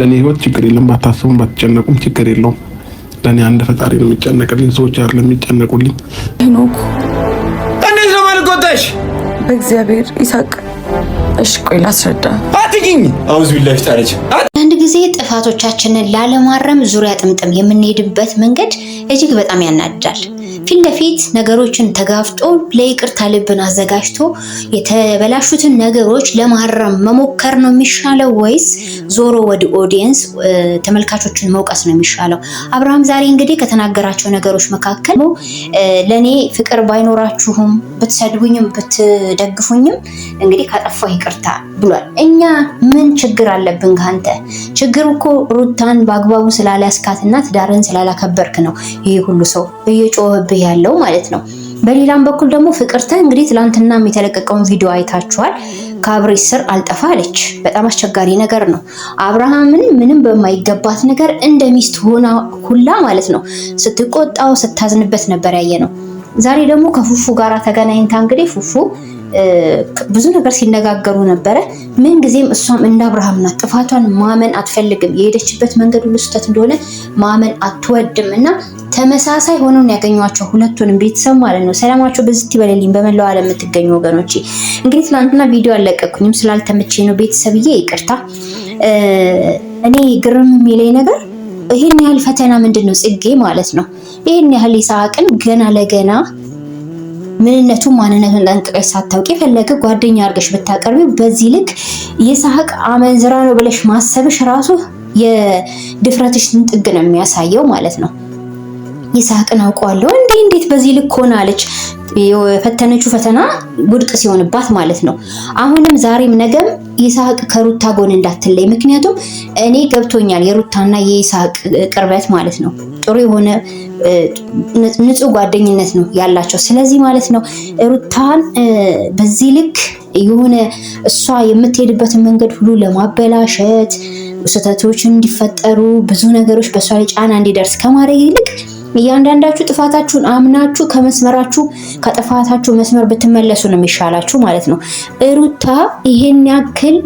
ለእኔ ህይወት ችግር የለም። ባታስቡም ባትጨነቁም ችግር የለውም። ለእኔ አንድ ፈጣሪ ነው የሚጨነቅልኝ፣ ሰዎች አይደለም የሚጨነቁልኝ። ሄኖክ እንዴት ነው ማለት በእግዚአብሔር ይሳቅ። እሺ ቆይ ላስረዳ። አትይኝ አውዝ ቢላሽ ታረች አንድ ጊዜ ጥፋቶቻችንን ላለማረም ዙሪያ ጥምጥም የምንሄድበት መንገድ እጅግ በጣም ያናድዳል። ፊት ለፊት ነገሮችን ተጋፍጦ ለይቅርታ ልብን አዘጋጅቶ የተበላሹትን ነገሮች ለማረም መሞከር ነው የሚሻለው ወይስ ዞሮ ወደ ኦዲየንስ ተመልካቾችን መውቀስ ነው የሚሻለው? አብርሃም ዛሬ እንግዲህ ከተናገራቸው ነገሮች መካከል ለእኔ ፍቅር ባይኖራችሁም ብትሰድቡኝም ብትደግፉኝም እንግዲህ ካጠፋሁ ይቅርታ ብሏል። እኛ ምን ችግር አለብን ከአንተ? ችግር እኮ ሩታን በአግባቡ ስላላያስካትና ትዳርን ስላላከበርክ ነው ይህ ሁሉ ሰው እየጮህብ እየሆነብህ ያለው ማለት ነው። በሌላም በኩል ደግሞ ፍቅርተ እንግዲህ ትላንትናም የተለቀቀውን ቪዲዮ አይታችኋል። ከአብሬ ስር አልጠፋ አለች። በጣም አስቸጋሪ ነገር ነው። አብርሃምን ምንም በማይገባት ነገር እንደ ሚስት ሆና ሁላ ማለት ነው ስትቆጣው ስታዝንበት ነበር ያየ ነው። ዛሬ ደግሞ ከፉፉ ጋር ተገናኝታ እንግዲህ ፉፉ ብዙ ነገር ሲነጋገሩ ነበረ። ምን ጊዜም እሷም እንደ አብርሃም ናት። ጥፋቷን ማመን አትፈልግም። የሄደችበት መንገድ ሁሉ ስህተት እንደሆነ ማመን አትወድም እና ተመሳሳይ ሆነውን ያገኟቸው ሁለቱንም ቤተሰብ ማለት ነው። ሰላማቸው በዚህ ይበልልኝ። በመላው ዓለም የምትገኙ ወገኖች እንግዲህ ትናንትና ቪዲዮ አለቀኩኝም ስላልተመቼ ነው ቤተሰብዬ፣ ይቅርታ። እኔ ግርም የሚለኝ ነገር ይህን ያህል ፈተና ምንድን ነው ጽጌ ማለት ነው ይህን ያህል ይስሐቅን ገና ለገና ምንነቱን ማንነቱን ጠንቅቀሽ ሳታውቂ የፈለገ ጓደኛ አድርገሽ ብታቀርቢው በዚህ ልክ ይስሐቅ አመንዝራ ነው ብለሽ ማሰብሽ ራሱ የድፍረትሽን ጥግ ነው የሚያሳየው ማለት ነው። ይስሐቅን አውቀዋለሁ እንዴ እንዴት በዚህ ልክ ሆነ አለች። የፈተነችው ፈተና ውድቅ ሲሆንባት ማለት ነው። አሁንም ዛሬም ነገም ይስሐቅ ከሩታ ጎን እንዳትለይ፣ ምክንያቱም እኔ ገብቶኛል የሩታና የይስሐቅ ቅርበት ማለት ነው። ጥሩ የሆነ ንጹህ ጓደኝነት ነው ያላቸው። ስለዚህ ማለት ነው ሩታን በዚህ ልክ የሆነ እሷ የምትሄድበትን መንገድ ሁሉ ለማበላሸት ውስተቶች እንዲፈጠሩ ብዙ ነገሮች በእሷ ላይ ጫና እንዲደርስ ከማድረግ ይልቅ እያንዳንዳችሁ ጥፋታችሁን አምናችሁ ከመስመራችሁ ከጥፋታችሁ መስመር ብትመለሱ ነው የሚሻላችሁ ማለት ነው። ሩታ ይሄን ያክል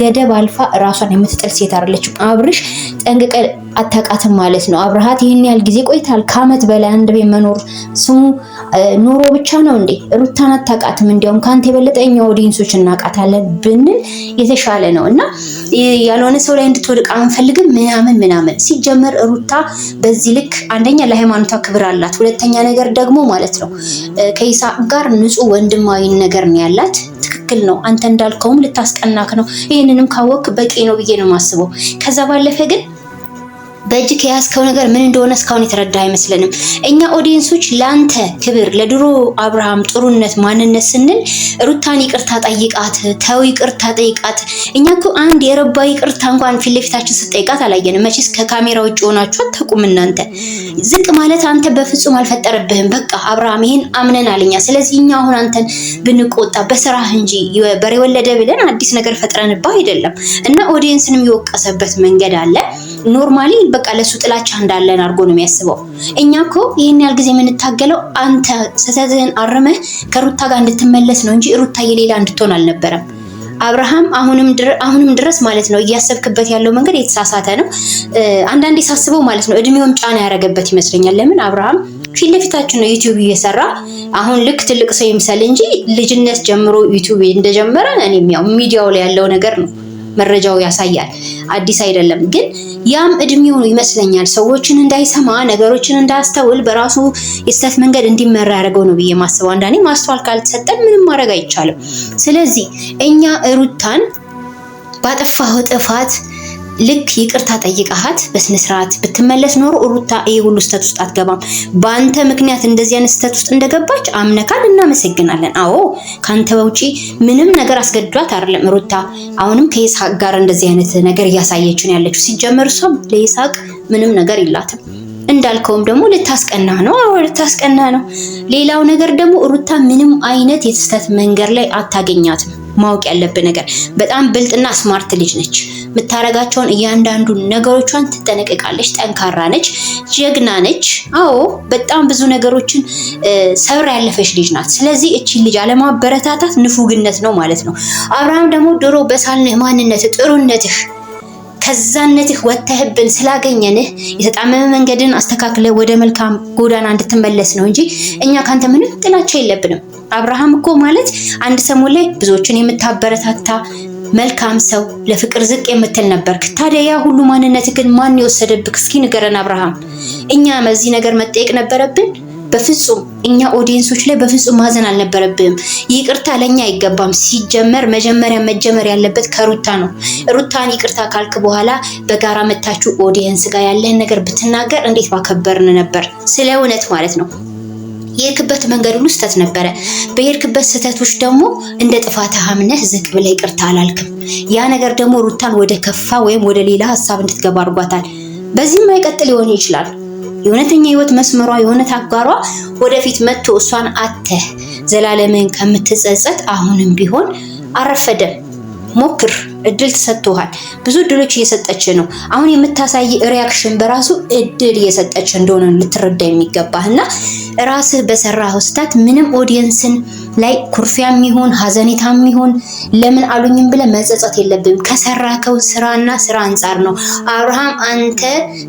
ገደብ አልፋ ራሷን የምትጥል ሴት አይደለችም። አብርሽ ጠንቅቀ አታቃትም ማለት ነው። አብርሃት ይህን ያህል ጊዜ ቆይታል። ከአመት በላይ አንድ ቤት መኖር ስሙ ኑሮ ብቻ ነው እንዴ? ሩታን አታቃትም። እንዲያውም ከአንተ የበለጠ እኛ ኦዲየንሶች እናውቃታለን ብንል የተሻለ ነው እና ያልሆነ ሰው ላይ እንድትወድቅ አንፈልግም ምናምን ምናምን። ሲጀመር ሩታ በዚህ ልክ አንደኛ ለሃይማኖቷ ክብር አላት፣ ሁለተኛ ነገር ደግሞ ማለት ነው ከይሳቅ ጋር ንጹህ ወንድማዊ ነገር ነው ያላት ትክክል ነው። አንተ እንዳልከውም ልታስቀናክ ነው። ይህንንም ካወቅ በቂ ነው ብዬ ነው የማስበው። ከዛ ባለፈ ግን በእጅ ከያዝከው ነገር ምን እንደሆነ እስካሁን የተረዳ አይመስለንም። እኛ ኦዲየንሶች ለአንተ ክብር፣ ለድሮ አብርሃም ጥሩነት፣ ማንነት ስንል ሩታን ይቅርታ ጠይቃት፣ ተው ይቅርታ ጠይቃት። እኛ እኮ አንድ የረባ ይቅርታ እንኳን ፊት ለፊታችን ስጠይቃት አላየንም። መቼስ ከካሜራ ውጭ ሆናችሁ አታውቁም እናንተ። ዝቅ ማለት አንተ በፍጹም አልፈጠረብህም። በቃ አብርሃም ይሄን አምነን አለኛ። ስለዚህ እኛ አሁን አንተን ብንቆጣ በስራህ እንጂ በሬ ወለደ ብለን አዲስ ነገር ፈጥረንባ አይደለም እና ኦዲየንስንም የወቀሰበት መንገድ አለ ኖርማሊ በቃ ለሱ ጥላቻ እንዳለን አድርጎ ነው የሚያስበው። እኛ እኮ ይህን ያህል ጊዜ የምንታገለው አንተ ስህተትህን አርመህ ከሩታ ጋር እንድትመለስ ነው እንጂ ሩታ የሌላ እንድትሆን አልነበረም። አብርሃም አሁንም ድረስ ማለት ነው እያሰብክበት ያለው መንገድ የተሳሳተ ነው። አንዳንዴ ሳስበው ማለት ነው እድሜውም ጫና ያደረገበት ይመስለኛል። ለምን አብርሃም ፊት ለፊታችን ነው ዩቲዩብ እየሰራ አሁን ልክ ትልቅ ሰው ይምሰል እንጂ ልጅነት ጀምሮ ዩቲዩብ እንደጀመረ እኔም ያው ሚዲያው ላይ ያለው ነገር ነው መረጃው ያሳያል። አዲስ አይደለም ግን ያም እድሜው ይመስለኛል ሰዎችን እንዳይሰማ ነገሮችን እንዳያስተውል በራሱ የስተት መንገድ እንዲመራ ያደርገው ነው ብዬ ማስበው። አንዳንዴ ማስተዋል ካልተሰጠን ምንም ማድረግ አይቻልም። ስለዚህ እኛ ሩታን ባጠፋኸው ጥፋት ልክ ይቅርታ ጠይቃሃት በስነ ስርዓት ብትመለስ ኖሮ ሩታ ይሄ ሁሉ ስተት ውስጥ አትገባም። በአንተ ምክንያት እንደዚህ አይነት ስተት ውስጥ እንደገባች አምነካል፣ እናመሰግናለን። አዎ ካንተ በውጪ ምንም ነገር አስገድዷት አይደለም። ሩታ አሁንም ከይስሐቅ ጋር እንደዚህ አይነት ነገር እያሳየችን ያለችው ሲጀመር እሷም ለይስሐቅ ምንም ነገር የላትም። እንዳልከውም ደግሞ ልታስቀና ነው። አዎ ልታስቀና ነው። ሌላው ነገር ደግሞ ሩታ ምንም አይነት የስህተት መንገድ ላይ አታገኛትም። ማወቅ ያለብ ነገር በጣም ብልጥና ስማርት ልጅ ነች። የምታረጋቸውን እያንዳንዱ ነገሮቿን ትጠነቀቃለች። ጠንካራ ነች፣ ጀግና ነች። አዎ በጣም ብዙ ነገሮችን ሰብራ ያለፈች ልጅ ናት። ስለዚህ እቺን ልጅ አለማበረታታት ንፉግነት ነው ማለት ነው። አብርሃም ደግሞ ድሮ በሳልንህ ማንነትህ ጥሩነትህ ከዛነትህ ወተህብን ስላገኘንህ የተጣመመ መንገድን አስተካክለ ወደ መልካም ጎዳና እንድትመለስ ነው እንጂ እኛ ካንተ ምንም ጥላቻ የለብንም። አብርሃም እኮ ማለት አንድ ሰሞን ላይ ብዙዎችን የምታበረታታ መልካም ሰው፣ ለፍቅር ዝቅ የምትል ነበርክ። ታዲያ ያ ሁሉ ማንነት ግን ማን የወሰደብክ? እስኪ ንገረን አብርሃም። እኛ በዚህ ነገር መጠየቅ ነበረብን? በፍጹም እኛ ኦዲየንሶች ላይ በፍጹም ማዘን አልነበረብም ይቅርታ ለእኛ አይገባም። ሲጀመር መጀመሪያ መጀመር ያለበት ከሩታ ነው። ሩታን ይቅርታ ካልክ በኋላ በጋራ መታችሁ ኦዲየንስ ጋር ያለህን ነገር ብትናገር እንዴት ባከበርን ነበር። ስለ እውነት ማለት ነው። የሄድክበት መንገድ ሁሉ ስህተት ነበረ። በሄድክበት ስህተቶች ደግሞ እንደ ጥፋት ሀምነህ ዝቅ ብለህ ይቅርታ አላልክም። ያ ነገር ደግሞ ሩታን ወደ ከፋ ወይም ወደ ሌላ ሀሳብ እንድትገባ አድርጓታል። በዚህም አይቀጥል ሊሆን ይችላል። የእውነተኛ ህይወት መስመሯ የሆነ ታጋሯ ወደፊት መጥቶ እሷን አተህ ዘላለምን ከምትጸጸት አሁንም ቢሆን አረፈደም ሞክር። እድል ተሰጥቶሃል። ብዙ እድሎች እየሰጠች ነው። አሁን የምታሳይ ሪያክሽን በራሱ እድል እየሰጠች እንደሆነ ልትረዳ የሚገባህ እና ራስህ በሰራህ ስታት ምንም ኦዲየንስን ላይ ኩርፊያ የሚሆን ሀዘኔታ የሚሆን ለምን አሉኝም ብለህ መጸጸት የለብም። ከሰራከው ስራና ስራ አንጻር ነው። አብርሃም አንተ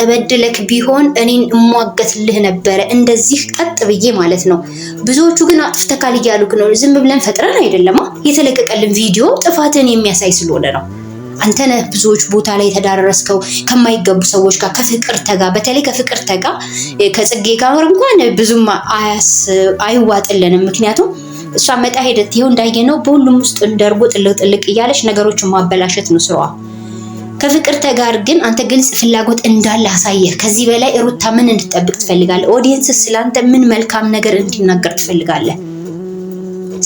ተበድለክ ቢሆን እኔን እሟገትልህ ነበረ፣ እንደዚህ ቀጥ ብዬ ማለት ነው። ብዙዎቹ ግን አጥፍተካል እያሉክ ነው። ዝም ብለን ፈጥረን አይደለማ የተለቀቀልን ቪዲዮ ጥፋትን የሚያሳይ ስለሆነ ነው። አንተ ነህ ብዙዎች ቦታ ላይ የተዳረስከው ከማይገቡ ሰዎች ጋር ከፍቅርተ ጋር በተለይ ከፍቅርተ ጋር ከጽጌ ጋር እንኳን ብዙም አይዋጥልንም። ምክንያቱም እሷ መጣ ሄደት ይኸው እንዳየነው በሁሉም ውስጥ እንደርጎ ጥልቅ ጥልቅ እያለች ነገሮችን ማበላሸት ነው ስራዋ። ከፍቅርተ ጋር ግን አንተ ግልጽ ፍላጎት እንዳለ አሳየህ። ከዚህ በላይ ሩታ ምን እንድትጠብቅ ትፈልጋለህ? ኦዲየንስ ስላንተ ምን መልካም ነገር እንዲናገር ትፈልጋለህ?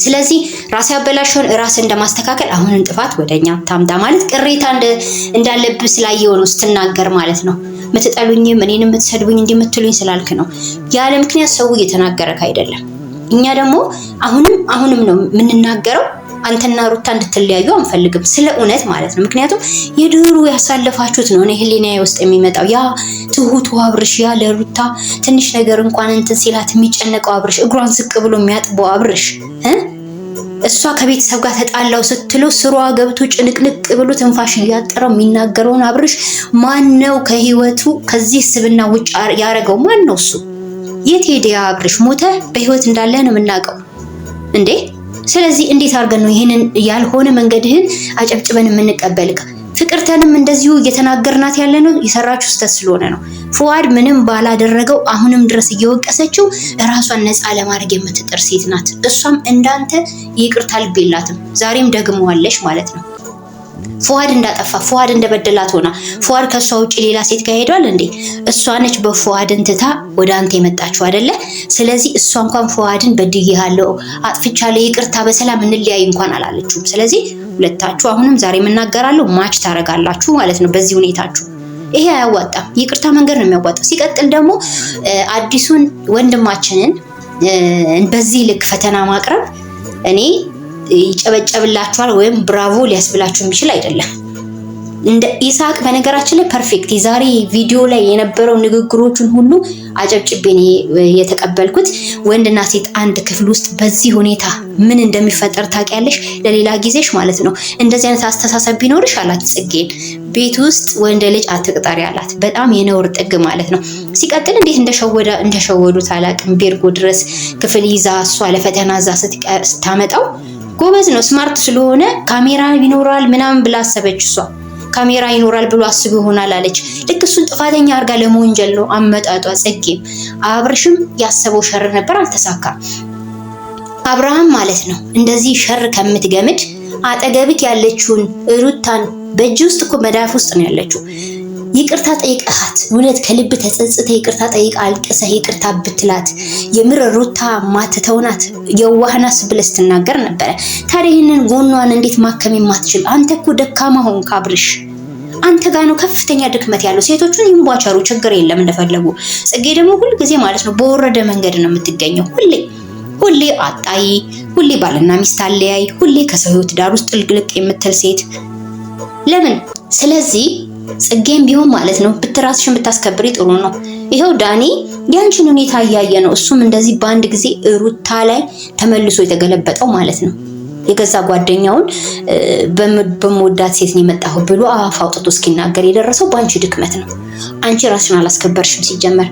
ስለዚህ ራስ ያበላሸውን ራስ እንደማስተካከል አሁንን ጥፋት ወደኛ ታምጣ ማለት ቅሬታ እንዳለብህ ስላየው ነው ስትናገር ማለት ነው። ምትጠሉኝም እኔን የምትሰድቡኝ እንዲምትሉኝ ስላልክ ነው። ያለ ምክንያት ሰው እየተናገረክ አይደለም። እኛ ደግሞ አሁንም አሁንም ነው የምንናገረው አንተና ሩታ እንድትለያዩ አንፈልግም፣ ስለ እውነት ማለት ነው። ምክንያቱም የድሩ ያሳለፋችሁት ነው እኔ ህሊና ውስጥ የሚመጣው ያ ትሁቱ አብርሽ፣ ያ ለሩታ ትንሽ ነገር እንኳን እንትን ሲላት የሚጨነቀው አብርሽ፣ እግሯን ዝቅ ብሎ የሚያጥበው አብርሽ እሷ ከቤተሰብ ጋር ተጣላው ስትለው ስሯ ገብቶ ጭንቅንቅ ብሎ ትንፋሽ እያጠረው የሚናገረውን አብርሽ ማን ነው? ከህይወቱ ከዚህ ስብና ውጭ ያደረገው ማን ነው? እሱ የት ሄደ? አብርሽ ሞተ? በህይወት እንዳለ ነው የምናውቀው እንዴ? ስለዚህ እንዴት አድርገን ነው ይህንን ያልሆነ መንገድህን አጨብጭበን የምንቀበልክ? ፍቅርተንም እንደዚሁ እየተናገርናት ያለ ነው የሰራችሁ ስህተት ስለሆነ ነው። ፉአድ ምንም ባላደረገው አሁንም ድረስ እየወቀሰችው ራሷን ነፃ ለማድረግ የምትጥር ሴት ናት። እሷም እንዳንተ ይቅርታ ልብ የላትም። ዛሬም ደግመዋለች ማለት ነው። ፉዋድ እንዳጠፋ ፉዋድ እንደበደላት ሆና ፉዋድ ከእሷ ውጭ ሌላ ሴት ጋር ሄዷል እንዴ? እሷ ነች በፉዋድን እንትታ ወደ አንተ የመጣችው አይደለ? ስለዚህ እሷ እንኳን ፉዋድን አጥፍቻ አጥፍቻለሁ፣ ይቅርታ፣ በሰላም እንለያይ እንኳን አላለችውም። ስለዚህ ሁለታችሁ አሁንም ዛሬ የምናገራለሁ ማች ታረጋላችሁ ማለት ነው በዚህ ሁኔታችሁ ይሄ አያዋጣም። ይቅርታ መንገድ ነው የሚያዋጣው። ሲቀጥል ደግሞ አዲሱን ወንድማችንን በዚህ ልክ ፈተና ማቅረብ እኔ ይጨበጨብላችኋል ወይም ብራቮ ሊያስብላችሁ የሚችል አይደለም። እንደ ኢሳቅ በነገራችን ላይ ፐርፌክት የዛሬ ቪዲዮ ላይ የነበረው ንግግሮቹን ሁሉ አጨብጭቤን የተቀበልኩት። ወንድና ሴት አንድ ክፍል ውስጥ በዚህ ሁኔታ ምን እንደሚፈጠር ታውቂያለሽ፣ ለሌላ ጊዜሽ ማለት ነው። እንደዚህ አይነት አስተሳሰብ ቢኖርሽ አላት ጽጌን፣ ቤት ውስጥ ወንድ ልጅ አትቅጠሪ አላት። በጣም የነውር ጥግ ማለት ነው። ሲቀጥል እንዴት እንደሸወዱት አላቅም። ቤርጎ ድረስ ክፍል ይዛ እሷ ለፈተና እዛ ስታመጣው ጎበዝ ነው ስማርት ስለሆነ ካሜራ ይኖራል ምናምን ብላ አሰበች። እሷ ካሜራ ይኖራል ብሎ አስብ ይሆናል አለች። ልክ እሱን ጥፋተኛ አድርጋ ለመወንጀል ነው አመጣጧ። ጽጌም አብርሽም ያሰበው ሸር ነበር፣ አልተሳካም። አብርሃም ማለት ነው እንደዚህ ሸር ከምትገምድ አጠገብክ ያለችውን ሩታን በእጅ ውስጥ እኮ መዳፍ ውስጥ ነው ያለችው ይቅርታ ጠይቀሃት እውነት ከልብ ተጸጽተ ይቅርታ ጠይቅ አልቅሰህ ይቅርታ ብትላት የምር ሩታ ማትተውናት የዋህና ስብለስ ትናገር ነበረ። ታዲያ ይህንን ጎኗን እንዴት ማከም የማትችል አንተ እኮ ደካማ ሆንክ አብርሽ። አንተ ጋ ነው ከፍተኛ ድክመት ያለው። ሴቶቹን ይንቧቸሩ ችግር የለም እንደፈለጉ። ጽጌ ደግሞ ሁልጊዜ ማለት ነው በወረደ መንገድ ነው የምትገኘው ሁሌ ሁሌ አጣይ፣ ሁሌ ባልና ሚስት አለያይ፣ ሁሌ ከሰው ህይወት ዳር ውስጥ ጥልቅልቅ የምትል ሴት ለምን? ስለዚህ ጽጌም ቢሆን ማለት ነው ብትራስሽን ብታስከብሪ ጥሩ ነው። ይኸው ዳኒ ያንቺን ሁኔታ እያየ ነው። እሱም እንደዚህ በአንድ ጊዜ ሩታ ላይ ተመልሶ የተገለበጠው ማለት ነው። የገዛ ጓደኛውን በመወዳት ሴት ነው የመጣሁ ብሎ አፍ አውጥቶ እስኪናገር የደረሰው በአንቺ ድክመት ነው። አንቺ ራስሽን አላስከበርሽም። ሲጀመር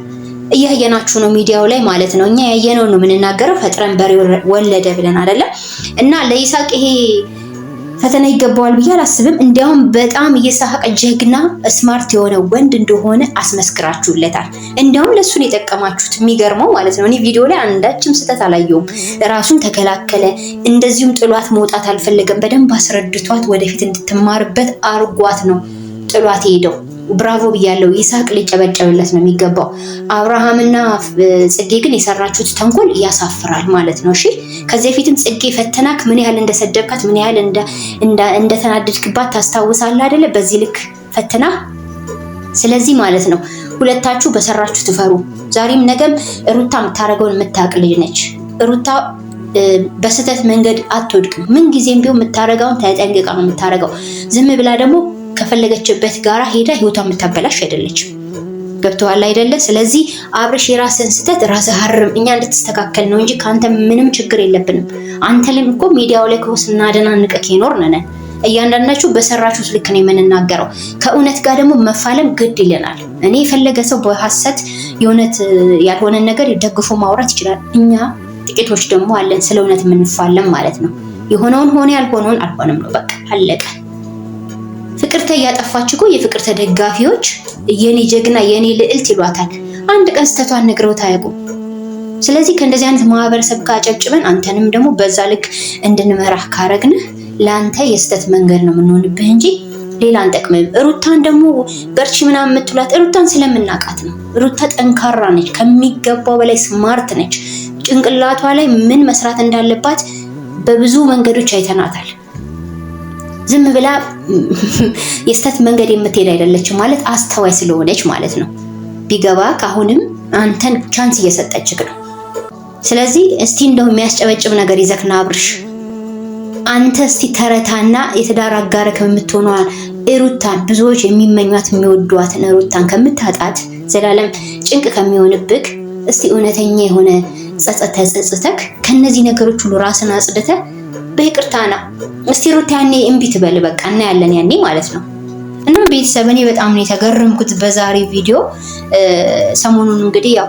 እያየናችሁ ነው ሚዲያው ላይ ማለት ነው። እኛ ያየነው ነው የምንናገረው። ፈጥረን በሬ ወለደ ብለን አይደለም እና ለይሳቅ ይሄ ፈተና ይገባዋል ብዬ አላስብም። እንዲያውም በጣም እየሳቀ ጀግና ስማርት የሆነ ወንድ እንደሆነ አስመስክራችሁለታል። እንዲያውም ለእሱን የጠቀማችሁት የሚገርመው ማለት ነው። እኔ ቪዲዮ ላይ አንዳችም ስህተት አላየውም። ራሱን ተከላከለ፣ እንደዚሁም ጥሏት መውጣት አልፈለገም። በደንብ አስረድቷት ወደፊት እንድትማርበት አርጓት ነው ጥሏት ሄደው ብራቮ ብያለው። ይስሐቅ ሊጨበጨብለት ነው የሚገባው። አብርሃምና ጽጌ ግን የሰራችሁት ተንኮል ያሳፍራል ማለት ነው። እሺ ከዚህ በፊትም ጽጌ ፈተናክ፣ ምን ያህል እንደሰደብካት፣ ምን ያህል እንደተናደድክባት ታስታውሳለህ አይደለ? በዚህ ልክ ፈተና። ስለዚህ ማለት ነው ሁለታችሁ በሰራችሁ ትፈሩ። ዛሬም ነገም ሩታ የምታደርገውን የምታውቅ ልጅ ነች ሩታ በስህተት መንገድ አትወድቅም። ምን ጊዜም ቢሆን የምታረጋውን ተጠንቅቃ ነው የምታረገው። ዝም ብላ ደግሞ ከፈለገችበት ጋራ ሄዳ ህይወቷ የምታበላሽ አይደለችም። ገብተዋል አይደለ? ስለዚህ አብረሽ የራስን ስህተት ራስህ ሀርም እኛ እንድትስተካከል ነው እንጂ ከአንተ ምንም ችግር የለብንም። አንተ ልም እኮ ሚዲያው ላይ ከሆነ ስናደናንቀህ ኖር ነን። እያንዳንዳችሁ በሰራችሁት ልክ ነው የምንናገረው። ከእውነት ጋር ደግሞ መፋለም ግድ ይለናል። እኔ የፈለገ ሰው በሀሰት የእውነት ያልሆነን ነገር ደግፎ ማውራት ይችላል። እኛ ጥቂቶች ደግሞ አለን ስለ እውነት የምንፋለም ማለት ነው። የሆነውን ሆነ ያልሆነውን አልሆነም ነው በቃ አለቀ። ፍቅርተ እያጠፋች እኮ የፍቅርተ ደጋፊዎች የኔ ጀግና የኔ ልዕልት ይሏታል። አንድ ቀን ስተቷን ነግረውት አያውቁም። ስለዚህ ከእንደዚህ አይነት ማህበረሰብ ካጨብጭበን አንተንም ደግሞ በዛ ልክ እንድንመራህ ካረግንህ ለአንተ የስተት መንገድ ነው የምንሆንብህ እንጂ ሌላ አንጠቅምም። ሩታን ደግሞ በርቺ ምናምን የምትላት ሩታን ስለምናቃት ነው። ሩታ ጠንካራ ነች፣ ከሚገባው በላይ ስማርት ነች። ጭንቅላቷ ላይ ምን መስራት እንዳለባት በብዙ መንገዶች አይተናታል። ዝም ብላ የስተት መንገድ የምትሄድ አይደለችም ማለት አስተዋይ ስለሆነች ማለት ነው። ቢገባ ከአሁንም አንተን ቻንስ እየሰጠችክ ነው። ስለዚህ እስቲ እንደው የሚያስጨበጭብ ነገር ይዘክና አብርሽ አንተ እስቲ ተረታና የትዳር አጋርህ ከምትሆነዋል ሩታን ብዙዎች የሚመኟት የሚወዷትን ሩታን ከምታጣት ዘላለም ጭንቅ ከሚሆንብክ እስቲ እውነተኛ የሆነ ጸጸተ ጸጽተክ ከነዚህ ነገሮች ሁሉ ራስን አጽድተ በይቅርታ ና እስቲ ሩት ያኔ እምቢ ትበል በቃ ያለን ያኔ ማለት ነው። እና ቤተሰብ እኔ በጣም ነው የተገረምኩት በዛሬ ቪዲዮ። ሰሞኑን እንግዲህ ያው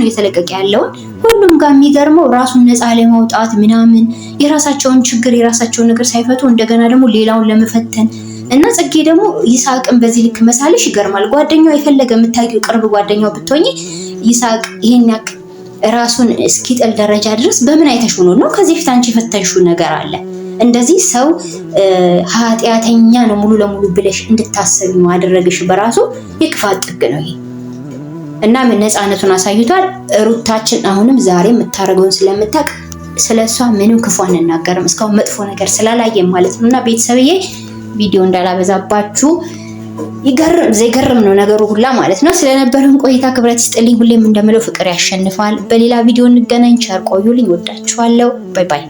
ነው እየተለቀቀ ያለውን ሁሉም ጋር የሚገርመው ራሱን ነፃ ለማውጣት ምናምን የራሳቸውን ችግር የራሳቸውን ነገር ሳይፈቱ እንደገና ደግሞ ሌላውን ለመፈተን እና ጽጌ ደግሞ ይሳቅን በዚህ ልክ መሳለሽ ይገርማል። ጓደኛው የፈለገ የምታውቂው ቅርብ ጓደኛው ብትሆኚ ይሳቅ ይሄን ያክል ራሱን እስኪጥል ደረጃ ድረስ በምን አይተሽ ነው? ነው? ከዚህ ፊት አንቺ የፈተንሽው ነገር አለ። እንደዚህ ሰው ኃጢአተኛ ነው ሙሉ ለሙሉ ብለሽ እንድታሰብ ማደረግሽ በራሱ የክፋት ጥግ ነው ይሄ። እናም ነፃነቱን አሳይቷል። ሩታችን አሁንም ዛሬ የምታደርገውን ስለምታውቅ ስለ እሷ ምንም ክፉ አንናገርም እስካሁን መጥፎ ነገር ስላላየም ማለት ነው። እና ቤተሰብዬ ቪዲዮ እንዳላበዛባችሁ ይገርም ዘይገርም ነው ነገሩ ሁላ ማለት ነው። ስለነበረን ቆይታ ክብረት ይስጥልኝ። ሁሌም እንደምለው ፍቅር ያሸንፋል። በሌላ ቪዲዮ እንገናኝ። ቸር ቆዩልኝ። ወዳችኋለሁ። ባይ ባይ